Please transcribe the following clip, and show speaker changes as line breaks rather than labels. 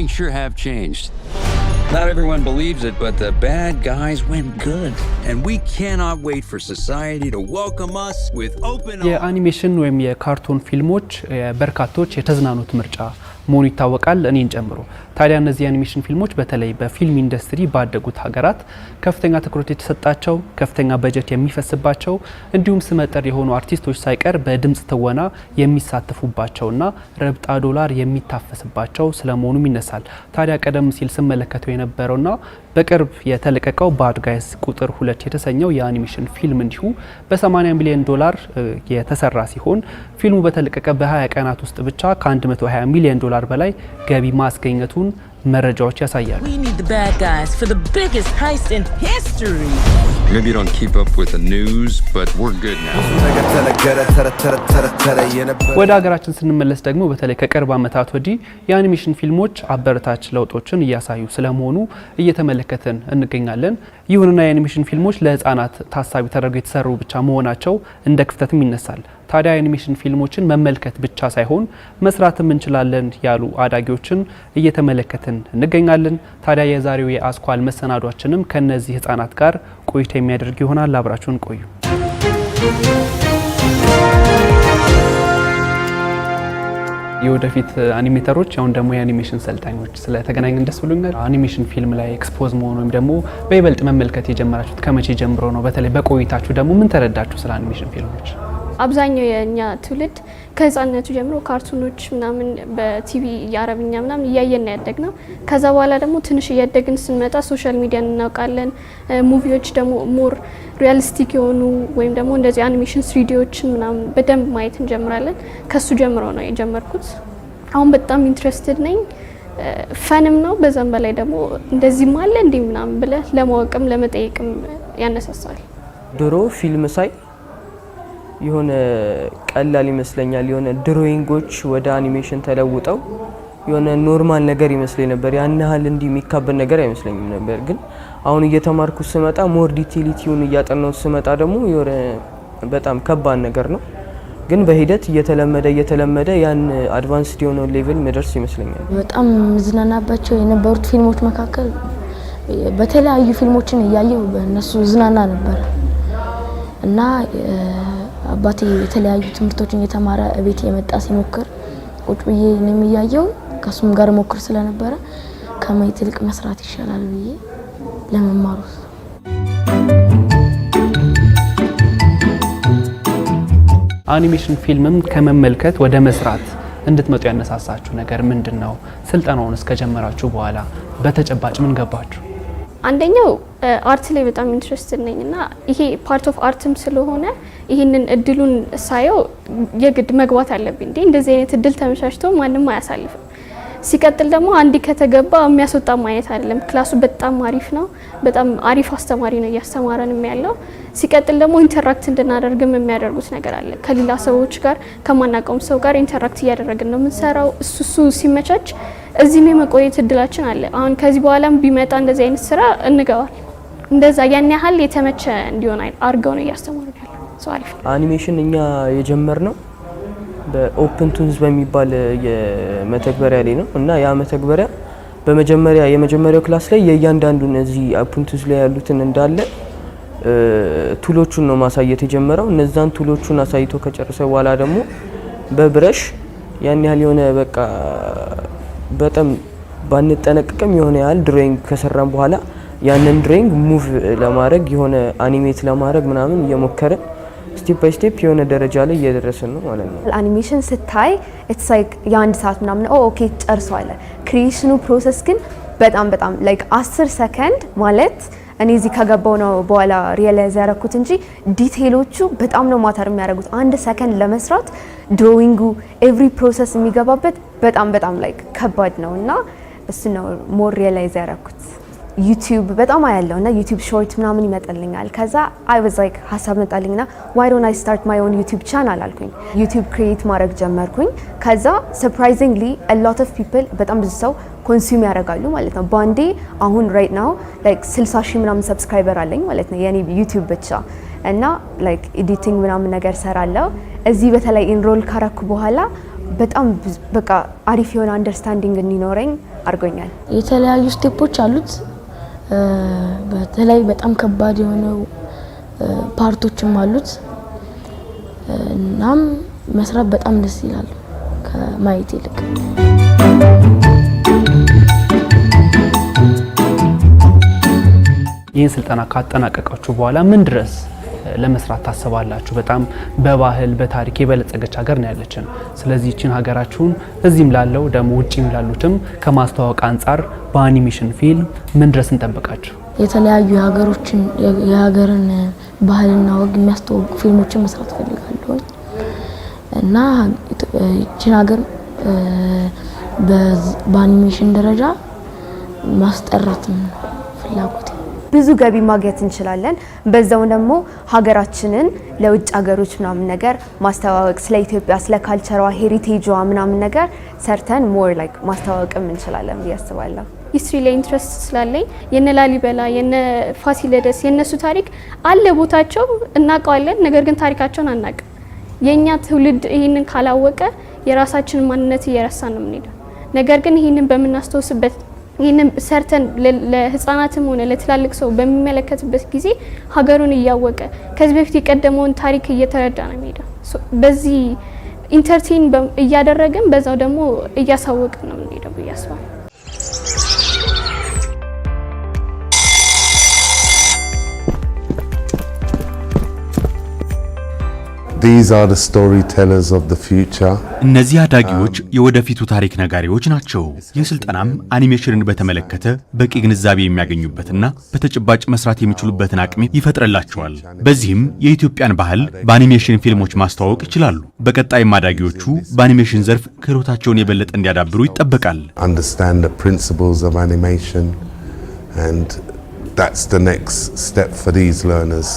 Things sure have changed. Not everyone believes it, but the bad guys went good. And we cannot wait for society to welcome us with open arms. የአኒሜሽን ወይም የካርቱን ፊልሞች በርካቶች የተዝናኑት ምርጫ መሆኑ ይታወቃል፣ እኔን ጨምሮ። ታዲያ እነዚህ የአኒሜሽን ፊልሞች በተለይ በፊልም ኢንዱስትሪ ባደጉት ሀገራት ከፍተኛ ትኩረት የተሰጣቸው፣ ከፍተኛ በጀት የሚፈስባቸው እንዲሁም ስመጥር የሆኑ አርቲስቶች ሳይቀር በድምፅ ትወና የሚሳተፉባቸውና ረብጣ ዶላር የሚታፈስባቸው ስለመሆኑም ይነሳል። ታዲያ ቀደም ሲል ስመለከተው የነበረውና በቅርብ የተለቀቀው ባድ ጋይስ ቁጥር ሁለት የተሰኘው የአኒሜሽን ፊልም እንዲሁ በ80 ሚሊዮን ዶላር የተሰራ ሲሆን ፊልሙ በተለቀቀ በ20 ቀናት ውስጥ ብቻ ከ120 ሚሊዮን ዶላር በላይ ገቢ ማስገኘቱን መረጃዎች ያሳያሉ። ወደ ሀገራችን ስንመለስ ደግሞ በተለይ ከቅርብ ዓመታት ወዲህ የአኒሜሽን ፊልሞች አበረታች ለውጦችን እያሳዩ ስለመሆኑ እየተመለከትን እንገኛለን። ይሁንና የአኒሜሽን ፊልሞች ለሕፃናት ታሳቢ ተደርገው የተሰሩ ብቻ መሆናቸው እንደ ክፍተትም ይነሳል። ታዲያ አኒሜሽን ፊልሞችን መመልከት ብቻ ሳይሆን መስራትም እንችላለን ያሉ አዳጊዎችን እየተመለከትን እንገኛለን። ታዲያ የዛሬው የአስኳል መሰናዷችንም ከነዚህ ህጻናት ጋር ቆይታ የሚያደርግ ይሆናል። አብራችሁን ቆዩ። የወደፊት አኒሜተሮች አሁን ደግሞ የአኒሜሽን ሰልጣኞች ስለተገናኘን ደስ ብሎኛል። አኒሜሽን ፊልም ላይ ኤክስፖዝ መሆን ወይም ደግሞ በይበልጥ መመልከት የጀመራችሁት ከመቼ ጀምሮ ነው? በተለይ በቆይታችሁ ደግሞ ምን ተረዳችሁ ስለ አኒሜሽን ፊልሞች?
አብዛኛው የእኛ ትውልድ ከህፃንነቱ ጀምሮ ካርቱኖች ምናምን በቲቪ የአረብኛ ምናምን እያየን ያደግ ነው። ከዛ በኋላ ደግሞ ትንሽ እያደግን ስንመጣ ሶሻል ሚዲያ እናውቃለን። ሙቪዎች ደግሞ ሞር ሪያሊስቲክ የሆኑ ወይም ደግሞ እንደዚህ አኒሜሽን ስሪዲዎችን ምናምን በደንብ ማየት እንጀምራለን። ከሱ ጀምሮ ነው የጀመርኩት። አሁን በጣም ኢንትረስትድ ነኝ። ፈንም ነው። በዛም በላይ ደግሞ እንደዚህም አለ እንዲህ ምናምን ብለህ ለማወቅም ለመጠየቅም ያነሳሳል።
ድሮ ፊልም ሳይ የሆነ ቀላል ይመስለኛል። የሆነ ድሮይንጎች ወደ አኒሜሽን ተለውጠው የሆነ ኖርማል ነገር ይመስለኝ ነበር። ያን ያህል እንዲህ የሚካበድ ነገር አይመስለኝም ነበር። ግን አሁን እየተማርኩ ስመጣ ሞር ዲቴሊቲውን እያጠናው ስመጣ ደግሞ የሆነ በጣም ከባድ ነገር ነው። ግን በሂደት እየተለመደ እየተለመደ ያን አድቫንስድ የሆነ ሌቭል መደርስ ይመስለኛል።
በጣም ምዝናናባቸው የነበሩት ፊልሞች መካከል በተለያዩ ፊልሞችን እያየው በእነሱ ዝናና ነበር እና አባቴ የተለያዩ ትምህርቶችን እየተማረ እቤት የመጣ ሲሞክር ቁጭ ብዬ ነው የሚያየው። ከሱም ጋር ሞክር ስለነበረ ከማየት ይልቅ መስራት ይሻላል ብዬ ለመማሩ
አኒሜሽን ፊልምም ከመመልከት ወደ መስራት እንድትመጡ ያነሳሳችሁ ነገር ምንድን ነው? ስልጠናውን እስከጀመራችሁ በኋላ በተጨባጭ ምን ገባችሁ?
አንደኛው አርት ላይ በጣም ኢንትረስትድ ነኝ እና ይሄ ፓርት ኦፍ አርትም ስለሆነ ይህንን እድሉን ሳየው የግድ መግባት አለብኝ። እንዴ እንደዚህ አይነት እድል ተመቻችቶ ማንም አያሳልፍም። ሲቀጥል ደግሞ አንድ ከተገባ የሚያስወጣ ማየት አይደለም። ክላሱ በጣም አሪፍ ነው። በጣም አሪፍ አስተማሪ ነው እያስተማረንም ያለው። ሲቀጥል ደግሞ ኢንተራክት እንድናደርግም የሚያደርጉት ነገር አለ። ከሌላ ሰዎች ጋር ከማናቀውም ሰው ጋር ኢንተራክት እያደረግን ነው የምንሰራው። እሱ እሱ ሲመቻች እዚህም የመቆየት እድላችን አለ። አሁን ከዚህ በኋላም ቢመጣ እንደዚህ አይነት ስራ እንገባል። እንደዛ ያን ያህል የተመቸ እንዲሆን አድርገው ነው እያስተማሩ ያለው።
አኒሜሽን እኛ የጀመር ነው በኦፕን ቱንስ በሚባል የመተግበሪያ ላይ ነው እና ያ መተግበሪያ በመጀመሪያ የመጀመሪያው ክላስ ላይ የእያንዳንዱን እዚህ ኦፕን ቱንስ ላይ ያሉትን እንዳለ ቱሎቹን ነው ማሳየት የጀመረው። እነዛን ቱሎቹን አሳይቶ ከጨረሰ በኋላ ደግሞ በብረሽ ያን ያህል የሆነ በቃ በጣም ባንጠነቀቅም የሆነ ያህል ድሮይንግ ከሰራን በኋላ ያንን ድሮይንግ ሙቭ ለማድረግ የሆነ አኒሜት ለማድረግ ምናምን እየሞከረ ስቴፕ ባይ ስቴፕ የሆነ ደረጃ ላይ እየደረስን ነው ማለት
ነው። አኒሜሽን ስታይ ኢትስ ላይክ የአንድ ሰዓት ምናምን ኦኬ ጨርሶ አለ። ክሪኤሽኑ ፕሮሰስ ግን በጣም በጣም ላይክ አስር ሰከንድ ማለት እኔ እዚህ ከገባው ነው በኋላ ሪያላይዝ ያደረኩት እንጂ ዲቴሎቹ በጣም ነው ማተር የሚያደርጉት። አንድ ሰከንድ ለመስራት ድሮዊንጉ ኤቭሪ ፕሮሰስ የሚገባበት በጣም በጣም ላይክ ከባድ ነው እና እሱ ነው ሞር ሪያላይዝ ያደረኩት። ዩቲዩብ በጣም አያለው እና ዩቲዩብ ሾርት ምናምን ይመጣልኛል። ከዛ አይ ዋዝ ላይክ ሀሳብ መጣልኝና ዋይ ዶንት አይ ስታርት ማይ ኦን ዩቲዩብ ቻናል አልኩኝ። ዩቲዩብ ክሬት ማድረግ ጀመርኩኝ። ከዛ ሰርፕራይዚንግሊ ሎት ኦፍ ፒፕል በጣም ብዙ ሰው ኮንሱም ያደርጋሉ ማለት ነው። ባንዴ አሁን ራይት ናው ላይክ 60 ሺህ ምናምን ሰብስክራይበር አለኝ ማለት ነው የኔ ዩቲዩብ ብቻ እና ላይክ ኤዲቲንግ ምናምን ነገር ሰራለው። እዚህ በተለይ ኢንሮል ካረኩ በኋላ በጣም በቃ አሪፍ የሆነ አንደርስታንዲንግ እንዲኖረኝ አድርጎኛል።
የተለያዩ ስቴፖች አሉት በተለይ በጣም ከባድ የሆነ ፓርቶችም አሉት። እናም መስራት በጣም ደስ ይላል ከማየት ይልቅ።
ይህን ስልጠና ካጠናቀቃችሁ በኋላ ምን ድረስ ለመስራት ታስባላችሁ? በጣም በባህል በታሪክ የበለጸገች ሀገር ነው ያለችን። ስለዚህ ይችን ሀገራችሁን እዚህም ላለው ደግሞ ውጭም ላሉትም ከማስተዋወቅ አንጻር በአኒሜሽን ፊልም ምን ድረስ እንጠብቃችሁ?
የተለያዩ የሀገሮችን የሀገርን ባህልና ወግ የሚያስተዋውቁ ፊልሞችን መስራት ፈልጋለሁ እና ይችን ሀገር በአኒሜሽን ደረጃ ማስጠራትም ነው ፍላጎት
ብዙ ገቢ ማግኘት እንችላለን። በዛው ደግሞ ሀገራችንን ለውጭ ሀገሮች ምናምን ነገር ማስተዋወቅ ስለ ኢትዮጵያ ስለ ካልቸሯ ሄሪቴጇ ምናምን ነገር ሰርተን ሞር ላይክ ማስተዋወቅም እንችላለን ብዬ አስባለሁ።
ሂስትሪ ላይ ኢንትረስት ስላለኝ የነ ላሊበላ የነ ፋሲለደስ የነሱ ታሪክ አለ ቦታቸው እናውቀዋለን፣ ነገር ግን ታሪካቸውን አናውቅም። የእኛ ትውልድ ይህንን ካላወቀ የራሳችንን ማንነት እየረሳ ነው የምንሄደው። ነገር ግን ይህንን በምናስታውስበት ይህንን ሰርተን ለህፃናትም ሆነ ለትላልቅ ሰው በሚመለከትበት ጊዜ ሀገሩን እያወቀ ከዚህ በፊት የቀደመውን ታሪክ እየተረዳ ነው የሚሄደው። በዚህ ኢንተርቴን እያደረግን በዛው ደግሞ እያሳወቅን ነው የምንሄደው ብዬ አስባለሁ።
እነዚህ um, አዳጊዎች የወደፊቱ ታሪክ ነጋሪዎች ናቸው። ይህ ስልጠናም አኒሜሽንን በተመለከተ በቂ ግንዛቤ የሚያገኙበትና በተጨባጭ መስራት የሚችሉበትን አቅም ይፈጥርላቸዋል። በዚህም የኢትዮጵያን ባህል በአኒሜሽን ፊልሞች ማስተዋወቅ ይችላሉ። በቀጣይም አዳጊዎቹ በአኒሜሽን ዘርፍ ክህሎታቸውን የበለጠ እንዲያዳብሩ ይጠበቃል።
That's the next step for these learners.